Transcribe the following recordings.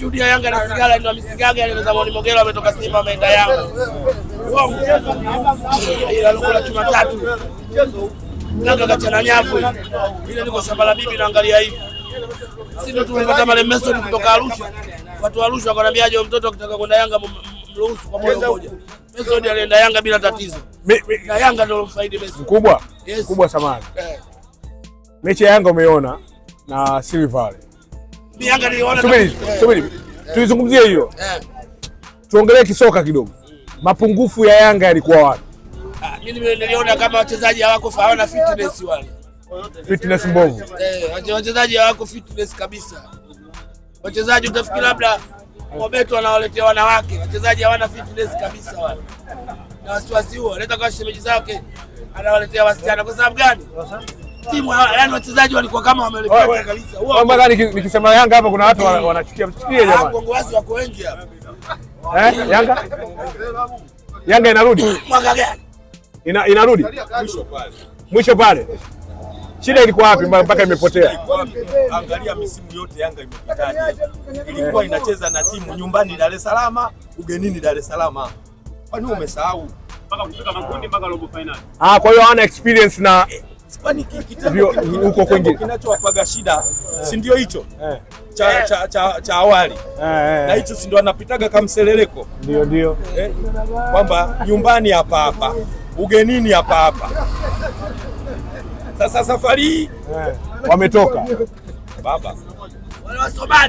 Juhudi ya Yanga na sigara ndio ile ametoka Simba ameenda Yanga. Wao Yanga Ile niko bibi naangalia hivi. Sisi ndio tumepata male message kutoka Arusha. Watu wa Arusha aje mtoto akitaka kwenda Yanga mruhusu kwa moyo mmoja. alienda Yanga bila tatizo. Na Yanga ndio mfaidi samani. Eh. Mechi ya Yanga umeona na Silver Subiri, tuizungumzie hiyo, eh. tuongelee kisoka kidogo. Mapungufu ya Yanga yalikuwa wapi? Ah, mimi niliona kama wachezaji hawako hawana fitness wale. Fitness mbovu. Eh, wachezaji hawako fitness kabisa. Wachezaji utafikiri labda Mobeto wanawake, wachezaji hawana fitness kabisa wale. Na wasiwasi huo, kwa shemeji zake anawaletea wasichana kwa sababu gani? timu yaani wachezaji walikuwa kama wameelekea kabisa. Huo nikisema Yanga hapa kuna watu wanachukia msikie jamaa. Hapo wazi wako wengi hapa. Eh, Yanga? Yanga inarudi. Mwaka gani? Ina inarudi. Mwisho pale. Mwisho pale. Shida ilikuwa wapi mpaka imepotea? Angalia misimu yote Yanga imepitaje? Ilikuwa inacheza na timu nyumbani Dar es Salaam, ugenini Dar es Salaam. Kwani umesahau? Mpaka kufika makundi mpaka robo finali. Ah, kwa hiyo hana experience na eh, huko kwingine kinachowapaga shida si ndio hicho eh. cha, eh. cha, cha, cha awali eh, na hicho si ndio anapitaga kama mseleleko, ndio ndio eh, kwamba nyumbani hapa hapa ugenini hapa hapa. Sasa safari hii wametoka baba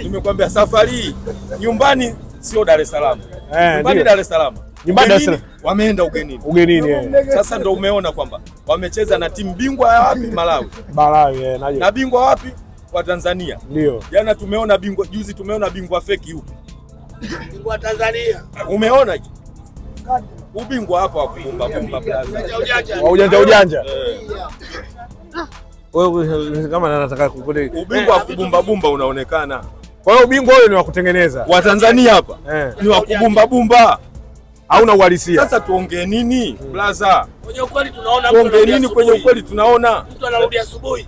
nimekwambia safari hii nyumbani sio Dar es Salaam, nyumbani Dar es Salaam nyumbani Dar es Salaam wameenda ugenini, ugenini Sasa ndo umeona kwamba wamecheza na timu bingwa ya wapi Malawi, Malawi yeah, na bingwa wapi wa Tanzania. Ndio jana tumeona bingwa, juzi tumeona bingwa feki huko bingwa Tanzania, umeona ubingwa hapo hapo Bumba Bumba Plaza wa ujanja ujanja eh. wewe, kama nataka kukule ubingwa wa kubumba bumba unaonekana. Kwa hiyo ubingwa huyo ni wa kutengeneza wa Tanzania hapa eh, ni wa kubumba bumba hauna uhalisia. Sasa tuongee nini blaza? Kwenye ukweli tunaona, tuongee nini kwenye ukweli tunaona. Mtu anarudi asubuhi,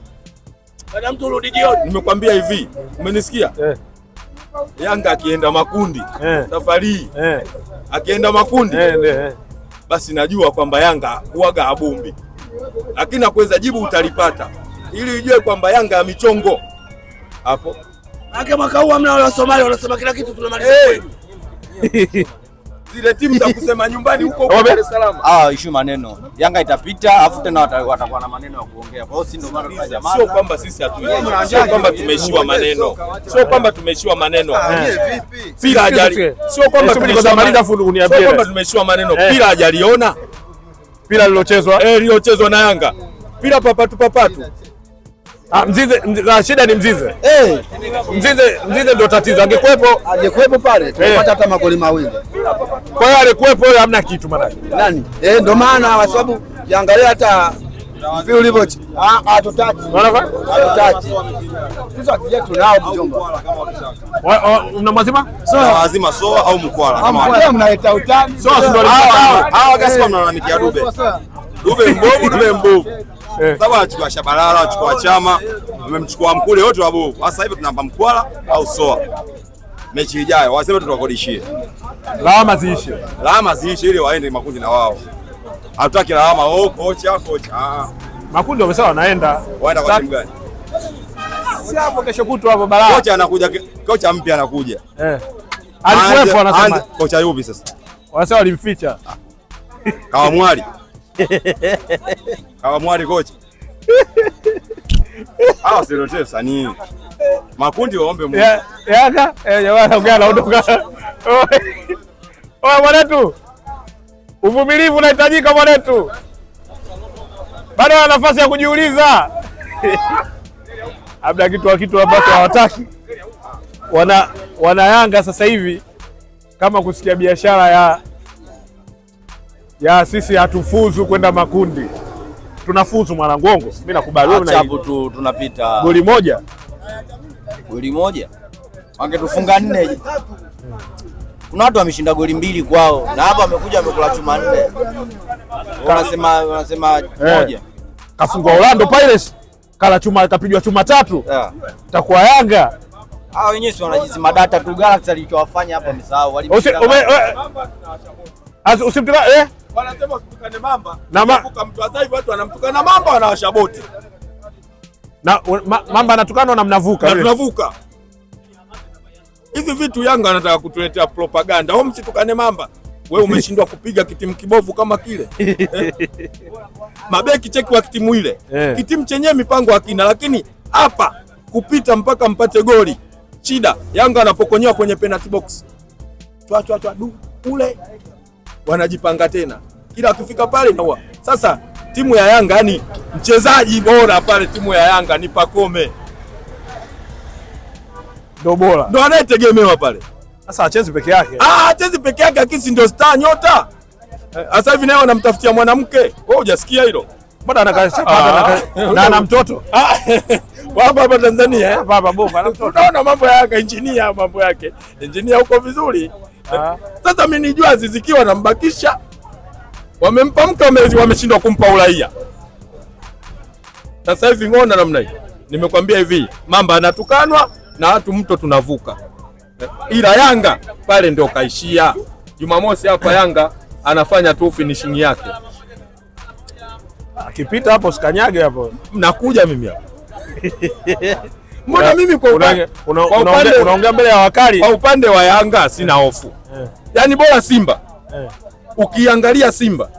baada mtu rudi jioni. Nimekwambia hivi, umenisikia eh? Yanga akienda makundi eh, safari eh, akienda makundi eh, eh, eh, basi najua kwamba Yanga huaga abumbi, lakini nakuweza jibu utalipata ili ujue kwamba Yanga ya michongo hapo. Mwaka huu hamna wala Somalia, wanasema kila kitu tunamaliza. Eh. zile timu za kusema nyumbani huko huko Dar es Salaam. Ah, issue maneno. Yanga itapita afu tena watakuwa na maneno ya kuongea. Kwa hiyo si ndio maana jamaa. Sio kwamba sisi hatuelewi. Sio kwamba tumeishiwa maneno. Sio kwamba tumeishiwa maneno. Ah, eh. Vipi? Bila ajali. Sio kwamba tumeishiwa fulu uniambie. Sio kwamba tumeishiwa maneno. Eh. Bila ajaliona. Bila lilochezwa. Eh, lilochezwa na Yanga. Bila papatu papatu. Ah, Mzize mzize, shida ni Mzize. Eh. Hey. Mzize Mzize ndio tatizo. Angekuepo angekuepo pale eh. tungepata hata magoli mawili. Kwa hiyo alikuepo yeye hamna kitu maana. Nani? Eh, ndio maana kwa sababu kiangalia hata vipi ulivyo. Ah, hatutaki. Unaona? kwa? Hatutaki. Sisi hatujia tunao mjomba. mazima? Sio mazima, sio au mkwala ah, kama wale. Mnaleta utani. Sio ndio. Hawa Gaspar mnalalamikia Dube. Dube mbovu, Dube mbovu. Eh. sababu anachukua Shabalala, anachukua Chama, amemchukua Mkule, wote wabovu. Sasa hivi tunampa Mkwala au Soa. Mechi ijayo waseme tutakodishie. lawama ziishe, lawama ziishe ili waende makundi na wao. Hatutaki lawama, oh kocha, kocha. Ah, ah. Makundi wamesema wanaenda, waenda kwa timu gani? Si hapo kesho kutu hapo balaa. Kocha anakuja, kocha mpya anakuja. Eh. Alikuwepo anasema. Kocha yupi sasa? Wanasema walimficha. mwali. kawamwari kocha. Hawa sirote sanii. Makundi waombe Mungu. Yaka, eh jamaa ongea na ondoka. Oya mwanetu. Uvumilivu unahitajika mwanetu. Bado ana nafasi ya kujiuliza. Labda kitu wa kitu ambacho hawataki. Wana wana Yanga sasa hivi kama kusikia biashara ya ya sisi hatufuzu kwenda makundi, tunafuzu Mwanangongo. Mimi nakubali wewe, hapo tu tunapita goli moja, goli moja wange tufunga nne. Kuna watu wameshinda goli mbili kwao, na hapa wamekuja wamekula chuma nne, wanasema wanasema eh, moja. Kafungwa Orlando Pirates, kala chuma, kapigwa chuma tatu, takuwa Yanga hao wenyewe si wanajizima data tu. Galaxy alichowafanya hapa, msahau amesahau. Usimtaka eh, eh. eh? wanasema usitukane mamba na mtu asaivi, watu wanamtukana mamba, wanawasha boti na ma, mamba anatukanwa na mnavuka na tunavuka. Hivi vitu Yanga anataka kutuletea propaganda, wao oh, msitukane mamba. Wewe umeshindwa kupiga kitimu kibovu kama kile eh? mabeki cheki wa kitimu ile eh. Kitimu chenyewe mipango hakina, lakini hapa kupita mpaka mpate goli shida. Yanga anapokonyewa kwenye penalty box twa twa twa ule wanajipanga tena, kila wakifika pale naua. Sasa timu ya Yanga, yani mchezaji bora pale timu ya Yanga ni Pakome, ndo bora, ndo anayetegemewa pale. Sasa achezi peke yake, ah, achezi peke yake, akisi ndio star nyota. Eh, sasa hivi naye anamtafutia mwanamke, wewe hujasikia hilo? Bado Mbona ah. na na mtoto ah, hapa hapa Tanzania, eh? hapa hapa mtoto. Unaona mambo yake, Yanga, injinia mambo yake, injinia huko vizuri. Ah. Sasa mmenijua Aziziki wanambakisha, wamempa mke, wameshindwa kumpa uraia. Sasa hivi ng'ona namna hii, nimekwambia hivi mamba anatukanwa na watu, mto tunavuka, ila Yanga pale ndio kaishia. Jumamosi hapa Yanga anafanya tu finishing yake, akipita hapo sikanyage hapo, nakuja mimi hapo mbona mimi kwa unaongea mbele ya wakali. Kwa upande wa Yanga sina hofu eh. Yaani bora Simba eh. Ukiangalia Simba,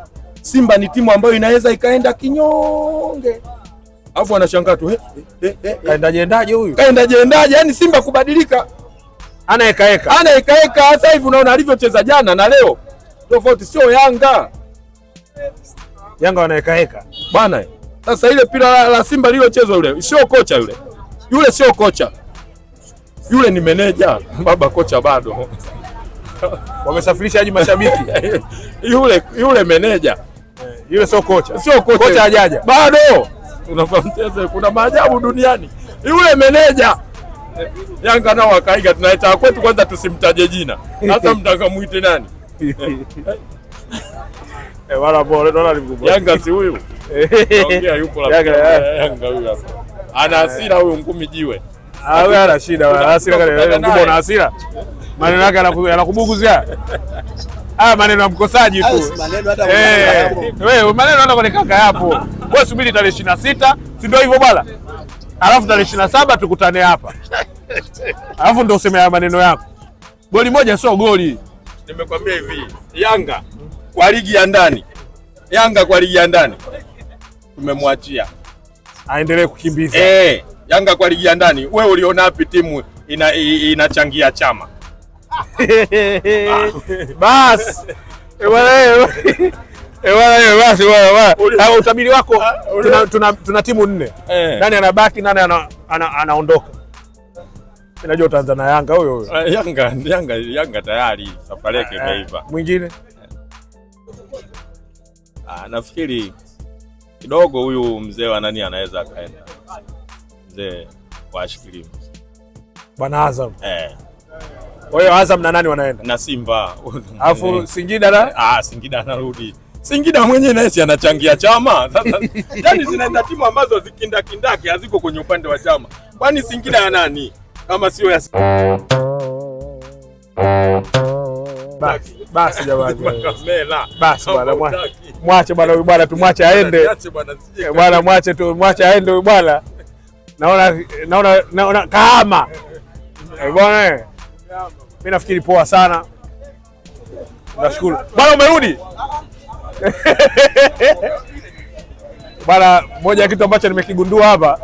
Simba ni timu ambayo inaweza ikaenda kinyonge, alafu anashangaa tu eh, eh, eh, kaendaje huyu kaendaje Yaani Simba kubadilika, ana eka ana Sasa hivi unaona alivyocheza jana na leo tofauti, sio Yanga. Yanga wanaekaeka bwana. Sasa ile pira la, la Simba lilochezwa yule sio kocha yule, yule sio kocha yule, ni meneja baba, kocha bado wamesafirisha hadi mashabiki yule yule meneja eh, yule sio kocha, sio kocha, kocha hajaja bado. Unafahamu kuna maajabu duniani. Yule meneja eh. Yanga nao wakaiga, tunaita kwetu kwanza, tusimtaje jina hata mtakamuite nani eh, wala bora dola ni mkubwa Yanga si huyu ongea yupo la Yanga huyu hapa, ana hasira huyu ngumi jiwe. Ah, wewe ana shida wewe, hasira kale, ngumi ana hasira maneno yake anakubuguzia haya ah, maneno ya mkosaji tu wewe, maneno hata kwenye eh, kaka yapo. Kwa subiri tarehe ishirini na sita si ndio hivyo bwana, alafu tarehe ishirini na saba tukutane hapa, alafu ndio useme haya maneno yako. Goli moja sio goli. Nimekwambia hivi, Yanga kwa ligi ya ndani, Yanga kwa ligi ya ndani tumemwachia aendelee kukimbiza. Eh, Yanga kwa ligi ya ndani, wewe uliona wapi timu inachangia ina chama basi utabiri wako, ah, tuna, tuna, tuna timu nne eh. Nani anabaki nani anaondoka ana, ana, inajua utaanza na Yanga huyo huyo. Eh, Yanga, Yanga, Yanga tayari safari yake eh, eh. imeiva. Mwingine ah, nafikiri kidogo huyu mzee wa nani anaweza akaenda mzee wa Shikilimo bwana Azam eh. Kwa hiyo Azam na nani wanaenda? Na Simba. Alafu Singida na? Ah, Singida anarudi. Singida mwenyewe naye si anachangia chama. Sasa yani zinaenda timu ambazo zikindakindaki haziko kwenye upande wa chama. Kwani Singida ya nani? Kama sio ya basi basi jamani, basi bwana, mwache bwana huyu bwana, tumwache aende eh, bwana, mwache tu, mwache aende huyu bwana. Naona naona naona kama eh, bwana eh. Mimi nafikiri poa sana, nashukuru bwana. Umerudi bwana. Moja ya kitu ambacho nimekigundua hapa,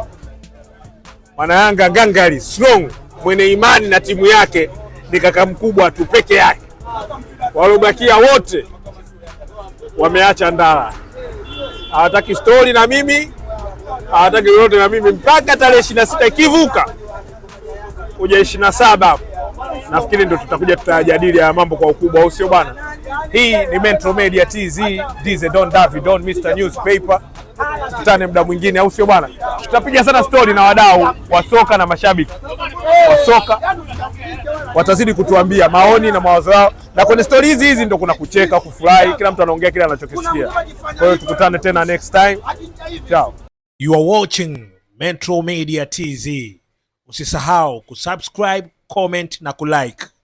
mwana yanga gangari strong, mwenye imani na timu yake ni kaka mkubwa tu peke yake, waliobakia wote wameacha ndara, hawataki stori na mimi, hawataki lolote na mimi mpaka tarehe 26 na sita ikivuka kuja ishirini na saba nafikiri ndio tutakuja tutajadili ya mambo kwa ukubwa, au sio bwana? Hii ni Metro Media TZ, Dizzy Don David, Don Mr Newspaper. Tutane muda mwingine, au sio bwana? Tutapiga sana stori na wadau wa soka na mashabiki wa soka, watazidi kutuambia maoni na mawazo yao, na kwenye stori hizi hizi ndo kuna kucheka, kufurahi, kila mtu anaongea kile anachokisikia. Kwa hiyo tukutane tena next time. Ciao. You are watching Metro Media TZ. Usisahau kusubscribe comment na kulike.